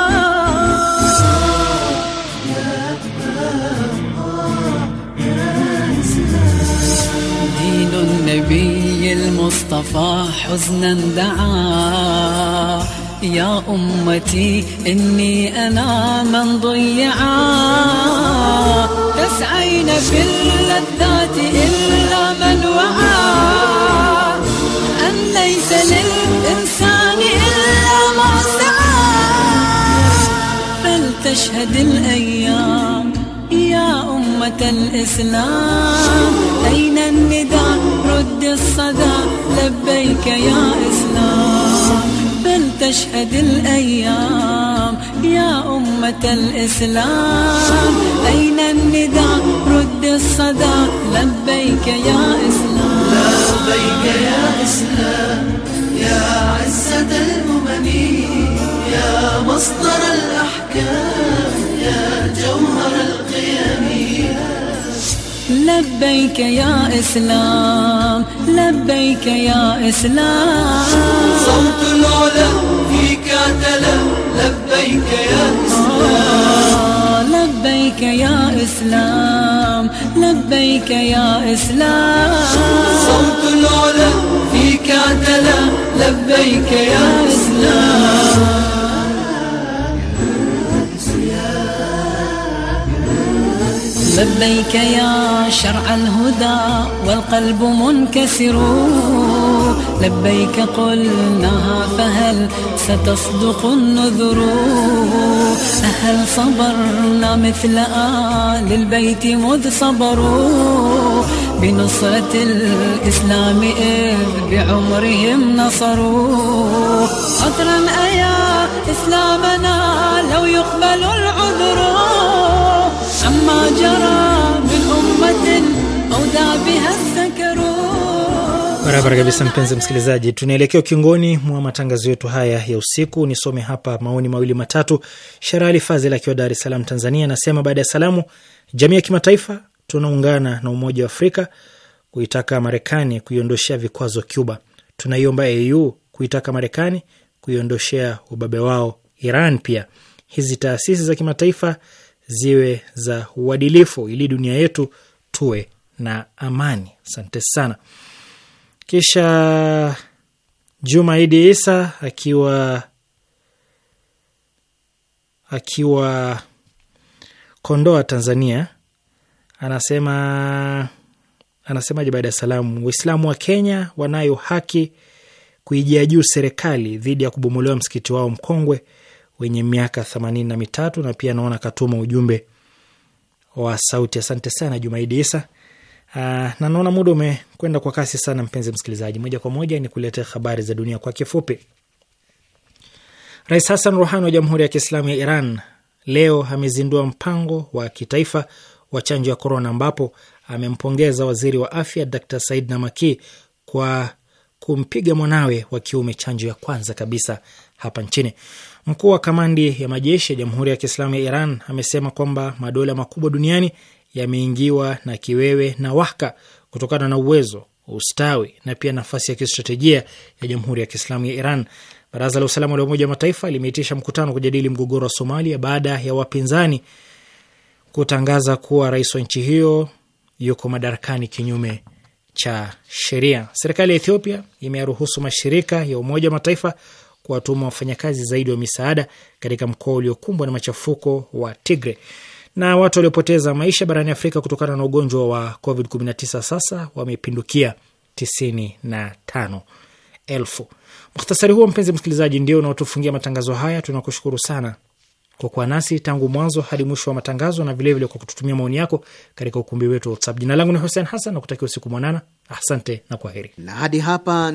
دين النبي المصطفى حزنا دعا يا أمتي إني أنا من ضيعا تسعين في اللذات إلا من وعى أن ليس للإنسان إلا ما سعى فلتشهد الأيام أمة الإسلام أين النداء رد الصدى لبيك يا إسلام بل تشهد الأيام يا أمة الإسلام أين النداء رد الصدى لبيك يا إسلام لبيك يا إسلام يا عزة الأمم يا مصدر الأحكام يا جوهر الأحكام لبيك يا إسلام لبيك يا إسلام صوت العلا فيك تلا آه، لبيك يا إسلام لبيك يا إسلام لبيك يا إسلام صوت العلا فيك تلا لبيك يا إسلام لبيك يا شرع الهدى والقلب منكسر لبيك قلناها فهل ستصدق النذر هل صبرنا مثل آل البيت مذ صبروا بنصرة الإسلام إذ بعمرهم نصروا قطرا أيا إسلامنا لو يقبل العذر عما Barabara kabisa, mpenzi msikilizaji, tunaelekea ukingoni mwa matangazo yetu haya ya usiku. Nisome hapa maoni mawili matatu. Sherali Fazil akiwa Dar es Salaam, Tanzania, anasema baada ya salamu, jamii ya kimataifa tunaungana na Umoja wa Afrika kuitaka Marekani kuiondoshea vikwazo Cuba. Tunaiomba AU kuitaka Marekani kuiondoshea ubabe wao Iran. Pia hizi taasisi za kimataifa ziwe za uadilifu, ili dunia yetu tuwe na amani. Asante sana. Kisha Juma Idi Isa akiwa akiwa Kondoa, Tanzania, anasema anasemaje? Baada ya salamu, Waislamu wa Kenya wanayo haki kuijia juu serikali dhidi ya kubomolewa msikiti wao mkongwe wenye miaka themanini na mitatu na pia naona katuma ujumbe wa sauti. Asante sana Jumaidi Isa. Uh, na naona muda umekwenda kwa kasi sana, mpenzi msikilizaji. Moja kwa moja ni kuletea habari za dunia kwa kifupi. Rais Hassan Rouhani wa Jamhuri ya Kiislamu ya Iran leo amezindua mpango wa kitaifa wa chanjo ya korona, ambapo amempongeza waziri wa afya Dr. Said Namaki kwa kumpiga mwanawe wa kiume chanjo ya kwanza kabisa hapa nchini. Mkuu wa kamandi ya majeshi ya Jamhuri ya Kiislamu ya Iran amesema kwamba madola makubwa duniani yameingiwa na kiwewe na waka kutokana na uwezo, ustawi na pia nafasi ya kistratejia ya Jamhuri ya Kiislamu ya Iran. Baraza la Usalama la Umoja wa Mataifa limeitisha mkutano kujadili mgogoro wa Somalia baada ya wapinzani kutangaza kuwa rais wa nchi hiyo yuko madarakani kinyume cha sheria. Serikali ya Ethiopia imearuhusu mashirika ya Umoja wa Mataifa kuwatuma wafanyakazi zaidi wa misaada katika mkoa uliokumbwa na machafuko wa Tigre. Na watu waliopoteza maisha barani Afrika kutokana na ugonjwa wa COVID-19 sasa wamepindukia 95 elfu. Mukhtasari huo mpenzi msikilizaji, ndio unaotufungia matangazo haya. Tunakushukuru sana kwa kuwa nasi tangu mwanzo hadi mwisho wa matangazo, na vilevile vile kwa kututumia maoni yako katika ukumbi wetu wa WhatsApp. Jina langu ni Hussein Hassan na kutakia usiku mwanana. Asante na kwaheri, na hadi hapa.